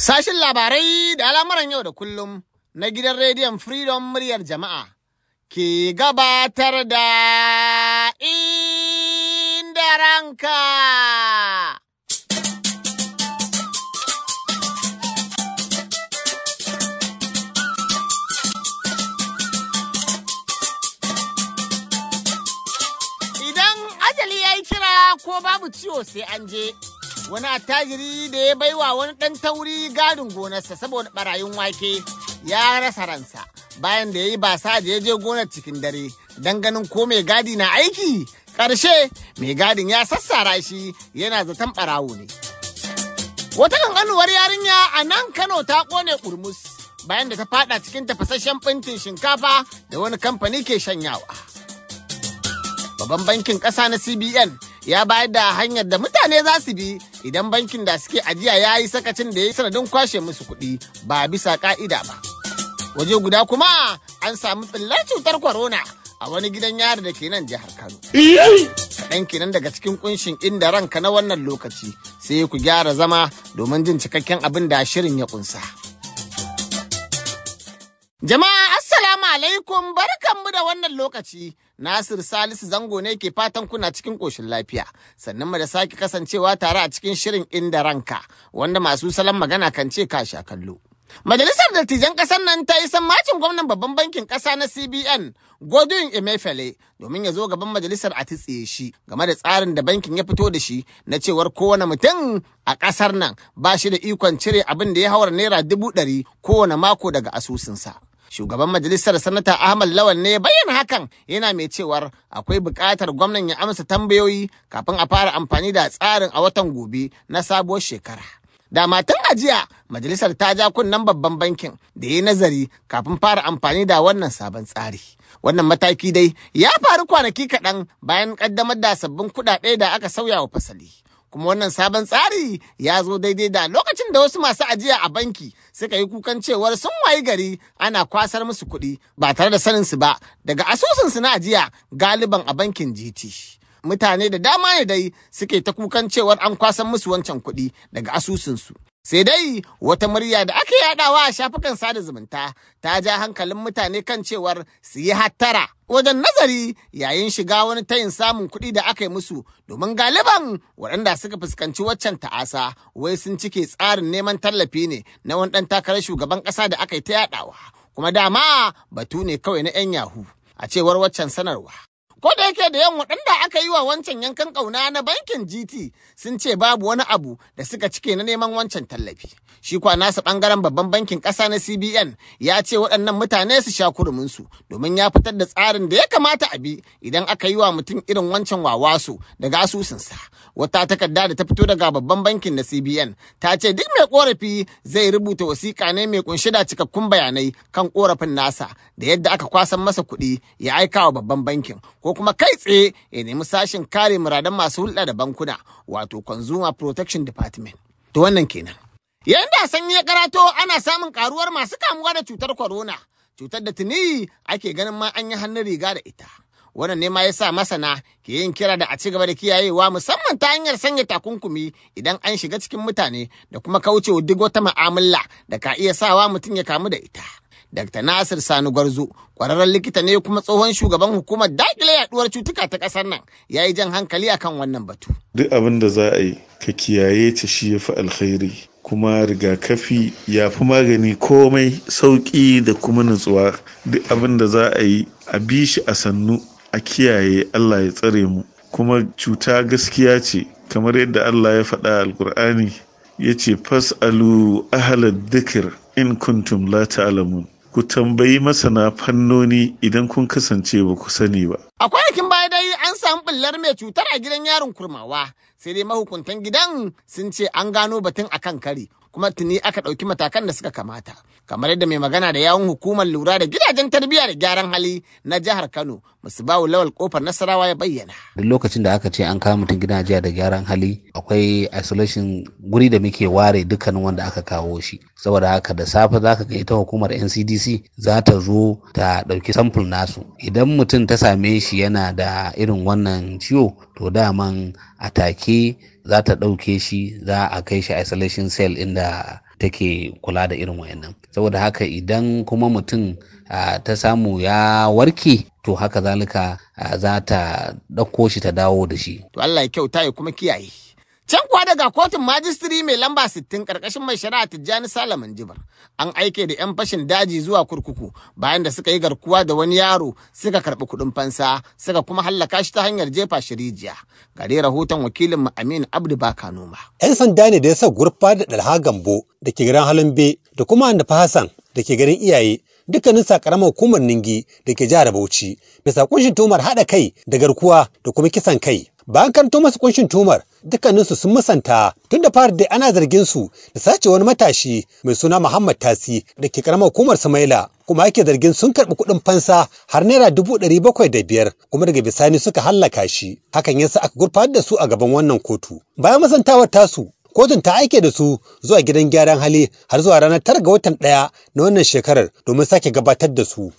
Sashin labarai da al'amuran yau da kullum na gidan rediyon Freedom muryar jama'a ke gabatar da inda ranka. Idan ajali ya yi kira ko babu ciwo sai an je. wani attajiri da ya baiwa wani ɗan tauri gadin gonarsa saboda barayin wake ya rasa ransa bayan da ya yi basa da ya je gonar cikin dare don ganin ko mai gadi na aiki ƙarshe mai gadin ya sassara shi yana zaton ɓarawo ne wata ƙanƙanuwar yarinya a nan kano ta ƙone ƙurmus bayan da ta fada cikin tafasasshen bintin shinkafa da wani kamfani ke shanyawa babban bankin ƙasa na cbn ya bayar da hanyar da mutane za su bi idan bankin da suke ajiya ya yi sakacin da ya yi sanadin kwashe musu kuɗi ba bisa ka'ida ba. Waje guda kuma an samu tsillar cutar corona a wani gidan yari da ke nan jihar Kano. Kaɗan kenan daga cikin kunshin inda ranka na wannan lokaci sai ku gyara zama domin jin cikakken abin da shirin ya kunsa. Jama'a alaikum mu da wannan lokaci. Nasir Salisu Zango ne ke fatan kuna cikin koshin lafiya. Sannan mu da sake kasancewa tare a cikin shirin inda ranka, wanda masu salon magana kan ce ka sha kallo. Majalisar Dattijan Ƙasar nan ta yi sammacin gwamnan babban bankin ƙasa na CBN Godwin Emefiele domin ya zo gaban majalisar a titsiye shi game da tsarin da bankin ya fito da shi na cewar kowane mutum a ƙasar nan ba shi da ikon cire abin da ya haura naira dubu ɗari kowane mako daga asusunsa. Shugaban majalisar sanata Ahmad Lawan ne bayyana hakan yana mai cewar akwai buƙatar gwamnan ya amsa tambayoyi kafin a fara amfani da tsarin a watan gobe na sabuwar shekara. Da matan ajiya majalisar ta ja kunnen babban bankin da ya nazari kafin fara amfani da wannan sabon tsari. Wannan mataki dai ya faru kwanaki kaɗan bayan ƙaddamar da sabbin kuɗaɗe da aka sauya wa fasali. kuma wannan sabon tsari ya zo daidai da lokacin da wasu masu ajiya a banki suka yi kukan cewar sun wayi gari ana kwasar musu kuɗi ba tare da sanin su ba daga asusun su na ajiya galiban a bankin GT. Mutane da dama ne dai suke ta kukan cewar an kwasar musu wancan kuɗi daga asusun su Sai dai wata murya da aka yadawa a shafukan sada zumunta ta ja hankalin mutane kan cewar su yi hattara wajen nazari yayin shiga wani tayin samun kuɗi da aka yi musu domin galiban waɗanda suka fuskanci waccan ta'asa wai sun cike tsarin neman tallafi ne na wani ɗan takarar shugaban ƙasa da aka yi ta yadawa kuma dama batu ne kawai na 'yan yahu a cewar waccan sanarwa. Ko da yake da yan waɗanda aka yi wa wancan yankan ƙauna na bankin GT sun ce babu wani abu da suka cike na neman wancan tallafi. Shi kwa nasa ɓangaren babban bankin ƙasa na CBN ya ce waɗannan mutane su sha kuruminsu domin ya fitar da tsarin da ya kamata a bi idan aka yi wa mutum irin wancan wawaso daga asusunsa. Wata takarda da ta fito daga babban bankin na CBN ta ce duk mai korafi zai rubuta wasiƙa ne mai kunshi da cikakkun bayanai kan korafin nasa da yadda aka kwasan masa kuɗi ya aika wa babban bankin ko ko kuma kai tsaye ya nemi sashen kare muradan masu hulɗa da bankuna wato Consumer Protection Department. To wannan kenan. Yayin da sanyi ya karato ana samun karuwar masu kamuwa da cutar corona, cutar da tuni ake ganin ma an yi hannun riga da ita. Wannan ne ma yasa masana ke yin kira da a ci gaba da kiyayewa musamman ta hanyar sanya takunkumi idan an shiga cikin mutane da kuma kaucewa duk wata ma'amala da ka iya sawa mutum ya kamu da ita. Dr. Nasir Sani Gwarzo, kwararren likita ne kuma tsohon shugaban hukumar dakile yaduwar cutuka ta ƙasar nan, ya yi jan hankali akan wannan batu. Duk abin da za a yi, ka kiyaye ta shi ya fi alkhairi. kuma rigakafi ya fi magani komai sauƙi da kuma nutsuwa duk abin da za a yi a bi shi a sannu a kiyaye allah ya tsare mu kuma cuta gaskiya ce kamar yadda allah ya faɗa Alƙur'ani ya ce fasalu ahalar dikir in kuntum la ta'lamun ku tambayi masana fannoni idan kun kasance ba ku sani ba. A kwanakin baya dai an samu bullar mai cutar a gidan yaron kurmawa, sai dai mahukuntan gidan sun ce an gano batun a kan kari, kuma tuni aka ɗauki matakan da suka kamata. Kamar yadda mai magana da yawun hukumar lura da gidajen tarbiyya da gyaran hali na jihar Kano, musbahu lawal kofar nasarawa ya bayyana duk lokacin da aka ce an kawo mutum gidan ajiya da gyaran hali akwai isolation guri da muke ware dukkanin wanda aka kawo shi saboda haka da safe za ka ga ita hukumar ncdc za ta zo ta ɗauki sample nasu idan mutum ta same shi yana da irin wannan ciwo to daman a take za ta ɗauke shi za a kai shi isolation cell inda take kula da irin wayannan saboda haka idan kuma mutum ah, ta samu ya warke to haka zalika za ta ɗauko shi ta dawo da shi. To Allah ya kyauta ya kuma kiyaye. Can kuwa daga kotun majistiri mai lamba sittin karkashin mai shari'a Tijjani Salamin Jibar an aike da 'yan fashin daji zuwa kurkuku bayan da suka yi garkuwa da wani yaro suka karɓi kuɗin fansa suka kuma hallaka shi ta hanyar jefa shi rijiya. Gare rahoton wakilin Aminu Abdu Baka Noma. 'Yan sanda ne da ya sa gurfa da Dalha Gambo da ke garin Halambe da kuma Annafa Hassan da ke garin iyaye dukkanin sakaramar hukumar Ningi da ke jihar Bauchi bisa kunshin tumar haɗa kai da garkuwa da kuma kisan kai. Bayan karanto masu kunshin tumar dukkaninsu sun musanta tun da fara da ana zargin su da sace wani matashi mai suna Muhammad Tasi da ke karamar hukumar Sumaila, kuma ake zargin sun karɓi kuɗin fansa har naira dubu ɗari bakwai da biyar kuma daga bisani suka hallaka shi hakan yasa aka gurfanar da su a gaban wannan kotu. Bayan musantawar tasu kotun ta aike da su zuwa gidan gyaran hali har zuwa ranar tara ga watan ɗaya na wannan shekarar domin sake gabatar da su.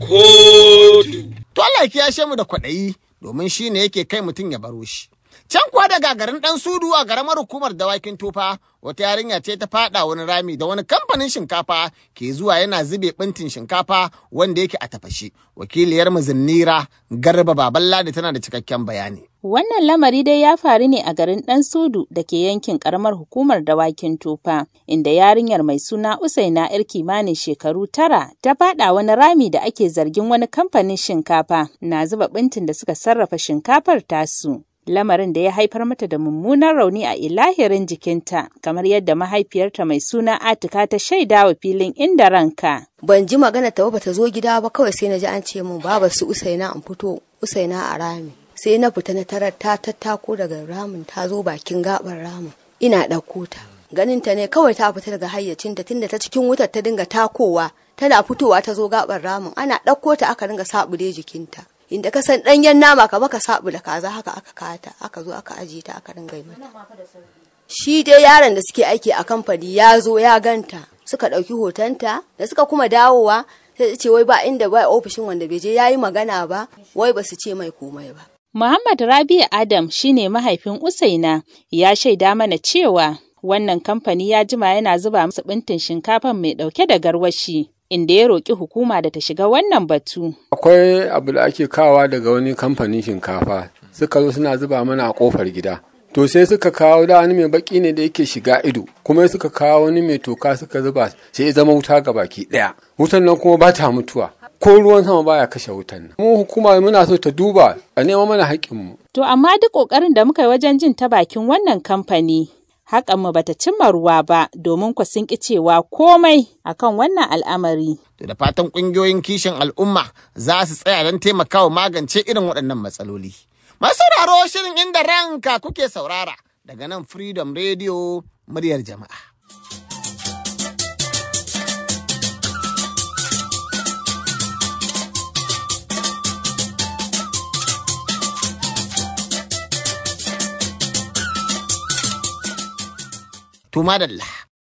Kotu. Tola ya mu da kwaɗayi domin shi ne yake kai mutum ya baro shi. Can kuwa daga garin ɗan sudu a garamar hukumar dawakin tufa wata yarinya ce ta faɗa wani rami da wani kamfanin shinkafa ke zuwa yana zube ɓintin shinkafa wanda yake a tafashe. Wakiliyar zinnira Garba da tana da cikakken bayani. Wannan lamari dai ya faru ne a garin ɗan sudu da ke yankin ƙaramar hukumar dawakin tufa, inda yarinyar mai suna Usaina 'yar kimanin shekaru tara ta faɗa wani rami da ake zargin wani kamfanin shinkafa na zuba ɓintin da suka sarrafa shinkafar tasu. lamarin da ya haifar mata da mummunan rauni a ilahirin jikinta kamar yadda mahaifiyarta mai suna Atika ta shaida wa filin inda ranka. Ban ji magana ta ba ta zo gida ba kawai sai na ji an ce min baba su Usaina an fito Usaina a rami. Sai na fita na tarar ta tattako daga ramin ta zo bakin gabar ramin. Ina ɗauko ta. Ganin ta ne kawai ta fita daga hayyacinta tunda ta cikin wutar ta dinga takowa tana fitowa ta zo gabar ramin ana ɗauko ta aka dinga saɓule jikinta. inda ka san ɗanyen nama ka baka sabu da kaza haka aka kata aka zo aka ajiye ta aka ringa mata shi dai yaron da suke aiki a kamfani ya zo ya ganta suka ɗauki hotonta da suka kuma dawowa sai ce wai ba inda ba ofishin wanda bai je yayi magana ba wai ba su ce mai komai ba Muhammad rabi Adam shine mahaifin Usaina ya shaida mana cewa wannan kamfani ya jima yana zuba musu bintin shinkafa mai dauke da garwashi inda ya roƙi hukuma da ta shiga wannan batu. Akwai abu da ake kawa daga wani kamfanin shinkafa suka zo suna zuba mana a ƙofar gida. To sai suka kawo da wani mai baki ne da yake shiga ido kuma suka kawo wani mai toka suka zuba sai ya zama wuta ga baki ɗaya. Wutan nan kuma ba ta mutuwa. Ko ruwan sama baya kashe wutan nan. Mu hukuma muna so ta duba a nema mana haƙƙinmu. To amma duk ƙoƙarin da muka yi wajen jin ta bakin wannan kamfani mu bata cimma ruwa ba domin ku sun cewa komai akan wannan al'amari. Da fatan ƙungiyoyin kishin al'umma za su tsaya don taimakawa magance irin waɗannan matsaloli. Masauraro shirin inda ranka kuke saurara daga nan Freedom Radio muryar jama'a. To madalla.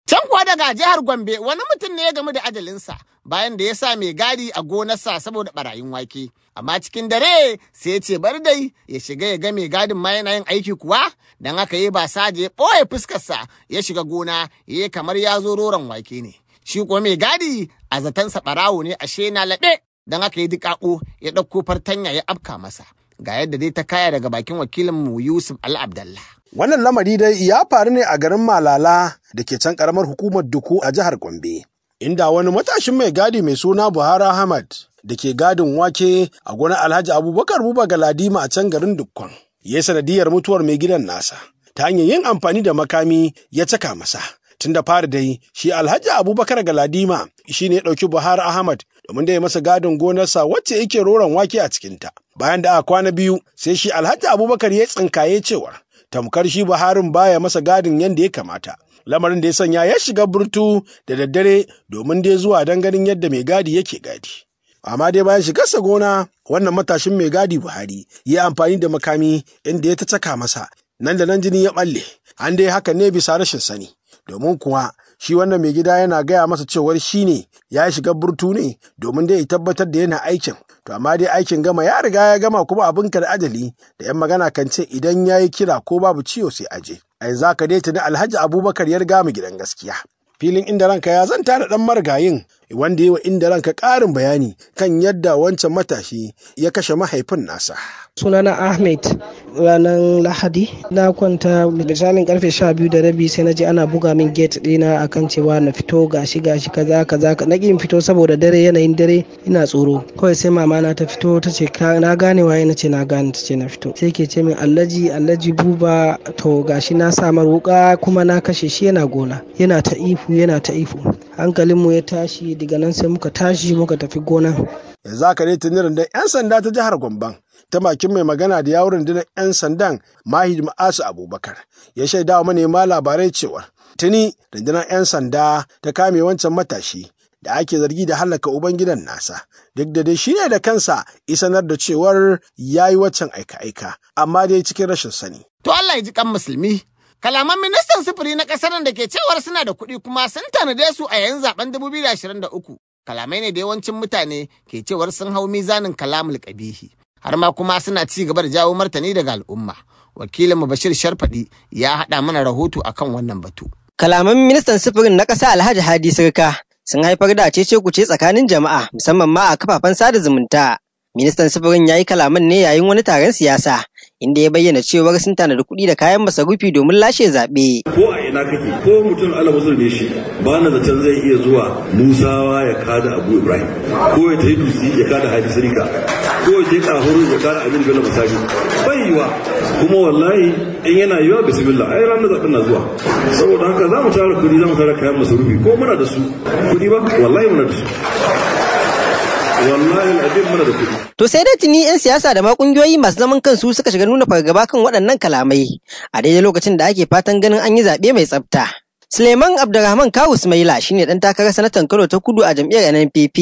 Can kuwa daga jihar Gombe wani mutum ne ya gamu da ajalinsa bayan da ya sa mai gadi a gonarsa saboda barayin wake. Amma cikin dare sai ya ce bari dai ya shiga ya ga mai gadin ma yana yin aiki kuwa don haka ya ba saje ɓoye fuskarsa ya shiga gona ya yi kamar ya zo roron wake ne. Shi kuwa mai gadi a zatansa ɓarawo ne ashe na laɓe don haka ya diƙaƙo ya ɗauko fartanya ya afka masa. Ga yadda dai ta kaya daga bakin wakilinmu Yusuf al Wannan lamari dai ya faru ne a garin Malala da ke can karamar hukumar Duku a jihar Gombe, inda wani matashin mai gadi mai suna Buhari Ahmad da ke gadin wake a gonar Alhaji Abubakar Buba Galadima a can garin Dukkon. Ya yi sanadiyar mutuwar mai gidan nasa ta hanyar yin amfani da makami ya caka masa. Tun da fari dai shi Alhaji Abubakar Galadima shi ne ya ɗauki Buhari Ahmad domin da ya masa gadin gonarsa wacce yake roron wake a cikinta. Bayan da a kwana biyu sai shi Alhaji Abubakar ya tsinkaye cewa tamkar shi Buharin baya masa gadin yadda ya kamata. Lamarin da ya sanya ya shiga burtu da daddare domin dai zuwa don ganin yadda mai gadi yake gadi. Amma dai bayan shigarsa gona wannan matashin mai gadi Buhari ya amfani da makami inda ya ta caka masa nan da nan jini ya balle an dai haka ne bisa rashin sani domin kuwa shi wannan mai gida yana gaya masa cewar shi ne ya shiga burtu ne domin dai ya tabbatar da yana aikin to amma dai aikin gama ya riga ya gama kuma abin kar adali da yan magana kan ce idan ya yi kira ko babu ciwo sai aje a yanzu haka dai tuni alhaji abubakar ya riga mu gidan gaskiya filin inda ranka ya zanta da dan marigayin wanda yi wa inda ranka ƙarin bayani kan yadda wancan matashi ya kashe mahaifin nasa. sunana ahmed ranar lahadi na kwanta misalin karfe sha biyu da rabi sai na je ana buga min gate dina akan cewa na fito gashi gashi kaza kaza na ƙin fito saboda dare yanayin dare ina tsoro kawai sai mama na ta fito ta ce na gane waye na ce na gane ta ce na fito sai ke ce min allaji allaji buba to gashi na samar wuka kuma na kashe shi yana gona yana ta ihu yana ta ihu hankalinmu ya tashi daga nan sai muka tashi muka tafi gona. za ka ne tuni da 'yan sanda ta jihar Gomban ta bakin mai magana da yawon rundunar 'yan sandan Mahid Ma'asu Abubakar ya shaida wa manema labarai cewa tuni rundunar 'yan sanda ta kame wancan matashi da ake zargi da hallaka ubangidan nasa duk da dai shine da kansa isanar da cewar ya yi waccan aika-aika amma dai cikin rashin sani. To Allah ya ji kan musulmi Kalaman ministan sufuri na ƙasar nan da ke cewar suna da kuɗi kuma sun tanade su a yayin zaben 2023. Kalamai ne da yawancin mutane ke cewar sun hau mizanin kalamul ƙabihi. Har ma kuma suna ci gaba da jawo martani daga al'umma. Wakilin Bashir Sharfaɗi ya haɗa mana rahoto akan wannan batu. Kalaman ministan sufurin na ƙasa Alhaji Hadi Sirka sun haifar da cece kuce tsakanin jama'a musamman ma a kafafen sada zumunta. Ministan sufurin ya yi kalaman ne yayin wani taron siyasa inda ya bayyana cewa sun tanadi kuɗi da kayan masarufi domin lashe zaɓe. Ko a ina kake ko mutum Allah ne shi ba na zaton zai iya zuwa Musawa ya kada Abu Ibrahim ko ya tafi dusi ya kada Hadi Sirika ko ya tafi Kahuru ya kada Aminu Bello Musaji bai yiwa kuma wallahi in yana yiwa bismillah ai ranar zaɓen na zuwa saboda haka za mu tara kuɗi za mu tara kayan masarufi ko muna da su kuɗi ba wallahi muna da su. To sai dai tuni 'yan siyasa da ma kungiyoyi masu zaman kansu suka shiga nuna fargaba kan waɗannan kalamai a daidai lokacin da ake fatan ganin an yi zaɓe mai tsafta. Suleiman Abdulrahman Kawu Sumaila ne ɗan takarar sanatan Kano ta Kudu a jam'iyyar NNPP.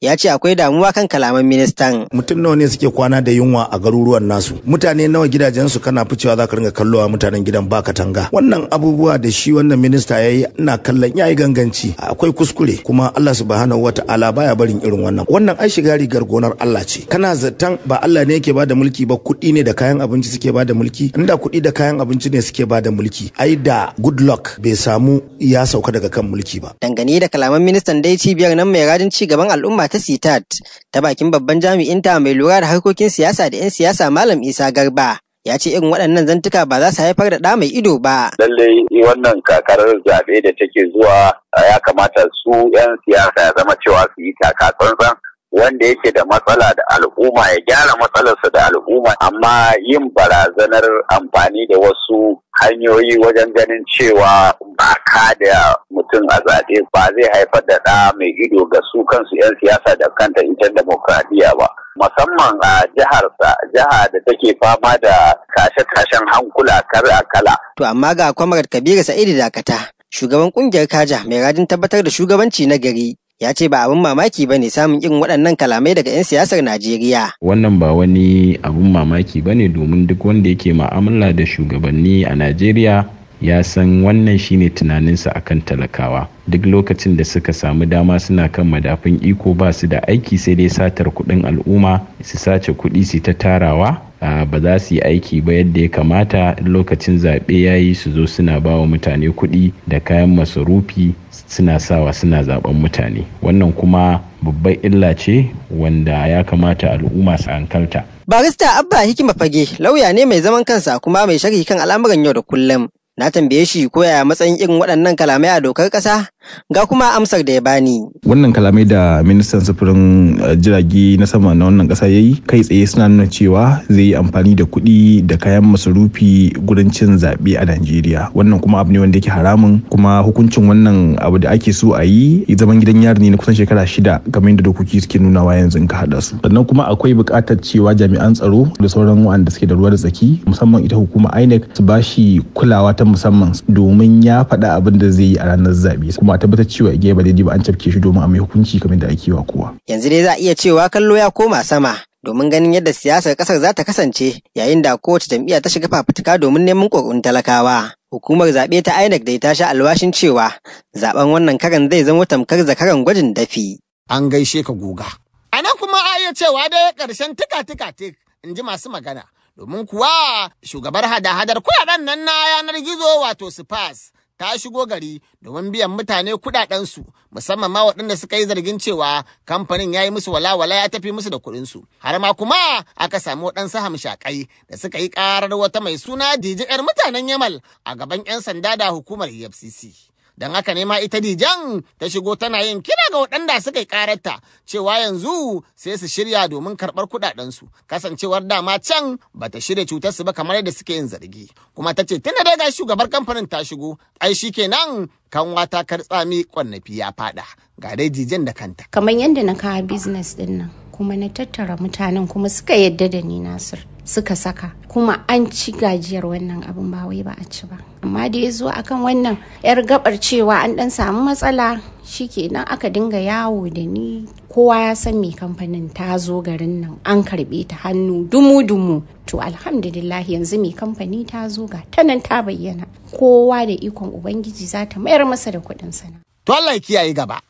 ya ce akwai damuwa kan kalaman ministan. Mutum nawa ne suke kwana da yunwa a garuruwan nasu. Mutane nawa gidajen su kana ficewa za ka ringa a mutanen gidan ba katanga. Wannan abubuwa da shi wannan minista ya yi ina kallon yayi ganganci. Akwai kuskure kuma Allah subhanahu wa ta'ala baya barin irin wannan. Wannan ai shiga rigar gonar Allah ce. Kana zaton ba Allah ne yake bada mulki ba kuɗi ne da kayan abinci suke bada mulki. Inda kuɗi da kayan abinci ne suke bada mulki. Ai da good luck bai samu ya sauka daga kan mulki ba. Dangane da kalaman ministan dai cibiyar nan mai rajin ci gaban al'umma ta sitat ta bakin babban jami'inta mai lura da harkokin siyasa da 'yan siyasa malam isa garba ya ce irin waɗannan zantuka ba za su haifar da ɗa mai ido ba. Lallai wannan kakarar zaɓe da take zuwa ya kamata su 'yan siyasa ya zama cewa su yi taka tsantsan wanda yake da matsala da al'umma ya gyara matsalarsa da al'umma amma yin barazanar amfani da wasu hanyoyi wajen ganin cewa ba ka da mutum a zaɓe ba zai haifar da ɗa mai ido ga su kansu 'yan siyasa da kanta ita demokradiyya ba. Musamman a jiharsa, jiha da take fama da kashe-kashen hankula kar a kala. To amma ga kwamarat Kabiru Sa'idu Dakata, shugaban ƙungiyar Kaja mai radin tabbatar da shugabanci na gari. ya ce ba abin mamaki ba ne samun irin waɗannan kalamai daga 'yan siyasar Najeriya. Wannan ba wani abin mamaki ba ne domin duk wanda yake ma'amala da shugabanni a Najeriya ya san wannan shine tunaninsa akan talakawa duk lokacin da suka samu dama suna kan madafin iko ba su da aiki sai dai satar kuɗin al'umma su sace kuɗi su ta tarawa ba za su yi aiki ba yadda ya kamata lokacin zaɓe ya yi su zo suna ba wa mutane kuɗi da kayan masarufi suna sawa suna zaɓen mutane wannan kuma babbar illa ce wanda ya kamata al'umma su hankalta. barista abba hikima fage lauya ne mai zaman kansa kuma mai shari'a kan al'amuran yau da kullum Na tambaye shi ko yaya matsayin irin waɗannan kalamai a dokar ƙasa. Ga kuma amsar da ya bani. Wannan kalamai da ministan sufurin eh, jirage na sama na wannan ƙasa ya yi kai tsaye suna nuna cewa zai yi amfani da kuɗi da kayan masarufi gurin cin zaɓe a Najeriya. Wannan kuma abu ne wanda yake haramun kuma hukuncin wannan abu da ake so a yi zaman gidan yari ne na kusan shekara shida game da dokoki suke nunawa yanzu ka haɗa su. Sannan kuma akwai buƙatar cewa jami'an tsaro da sauran waɗanda suke da ruwa da tsaki musamman ita hukuma INEC su ba shi kulawa ta musamman domin ya faɗa abin da zai yi a ranar zaɓe. Kuma a tabbatar cewa igiya ba daidai ba an cafke shi domin a mai hukunci kamar da ake wa kowa. Yanzu dai za a iya cewa kallo ya koma sama domin ganin yadda siyasar kasar za ta kasance yayin da kowace jam'iyya ta shiga fafutuka domin neman kokarin talakawa. Hukumar zaɓe ta INEC da ta sha alwashin cewa zaben wannan karan zai zama tamkar zakaran gwajin dafi. An gaishe ka goga. A nan kuma a iya cewa dai ƙarshen tika-tika tik in ji masu magana. domin kuwa shugabar hada-hadar kuwa nan na yanar gizo wato spas ta shigo gari domin biyan mutane kudadensu musamman ma waɗanda suka yi zargin cewa kamfanin ya yi musu walawala ya tafi musu da kuɗinsu har ma kuma aka samu waɗansu hamshakai da suka yi ƙarar wata mai suna dijiyar mutanen yamal a gaban 'yan sanda da hukumar efcc Don haka ne ma ita Dijan ta shigo tana yin kira ga waɗanda suka yi ƙararta cewa yanzu sai su shirya domin karɓar kuɗaɗensu. Kasancewar dama can ba ta shirya cutar su ba kamar yadda suke yin zargi. Kuma ta ce tunda dai ga shugabar kamfanin ta shigo, ai shi kenan kanwa ta tsami ƙwannafi ya faɗa. Ga dai Dijan da kanta. Kamar yadda na kawo business ɗin nan. kuma na tattara mutanen kuma suka yadda da ni nasir suka saka kuma an ci gajiyar wannan abin ba wai ba a ci ba amma da ya zo akan wannan yar gabar cewa an dan samu matsala shikenan aka dinga yawo da ni kowa ya san me kamfanin ta zo garin nan an karbe ta hannu dumu-dumu to alhamdulillah yanzu me kamfani ta zo ga nan ta bayyana kowa da ikon ubangiji za ta mayar masa da kuɗin sana. To Allah kiyaye gaba.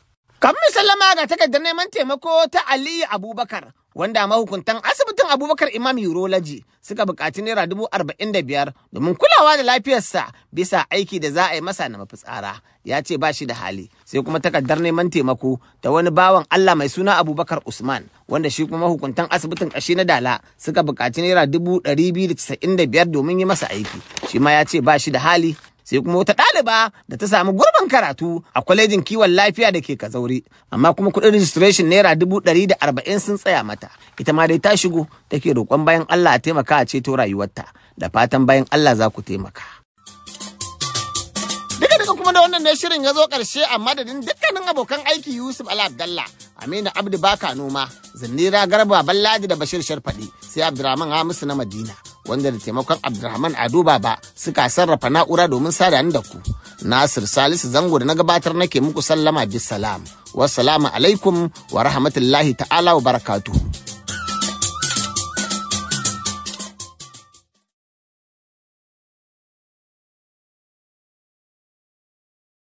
Kafin sallama ga takardar neman taimako ta Aliyu Abubakar wanda mahukuntan asibitin Abubakar Imam Urology suka buƙaci naira dubu arba'in da biyar domin kulawa da lafiyarsa bisa aiki da za a yi masa na mafitsara. Ya ce ba shi da hali sai kuma takardar neman taimako ta wani bawan Allah mai suna Abubakar Usman wanda shi kuma mahukuntan asibitin ƙashi na Dala suka buƙaci naira dubu ɗari biyu da casa'in da biyar domin yi masa aiki. Shi ma ya ce ba shi da hali sai kuma wata ɗaliba da ta samu gurbin karatu a kwalejin kiwon lafiya da ke Kazaure amma kuma kuɗin registration naira dubu ɗari da arba'in sun tsaya mata ita ma dai ta shigo take roƙon bayan Allah a taimaka a ceto rayuwarta da fatan bayan Allah za ku taimaka. Duka duka kuma da wannan ne shirin ya zo ƙarshe a madadin dukkanin abokan aiki Yusuf Ala Abdalla, Aminu Abdu Baka Noma, Zinnira Garba Balladi da Bashir Sharfaɗi, sai Abdurrahman Hamisu na Madina. wanda da taimakon Abdulrahman Ado Baba suka sarrafa na'ura domin sada da ku. Nasir Salisu Zango da na gabatar nake muku sallama bisalam. Wassalamu alaikum wa rahmatullahi ta'ala wa barakatuhu.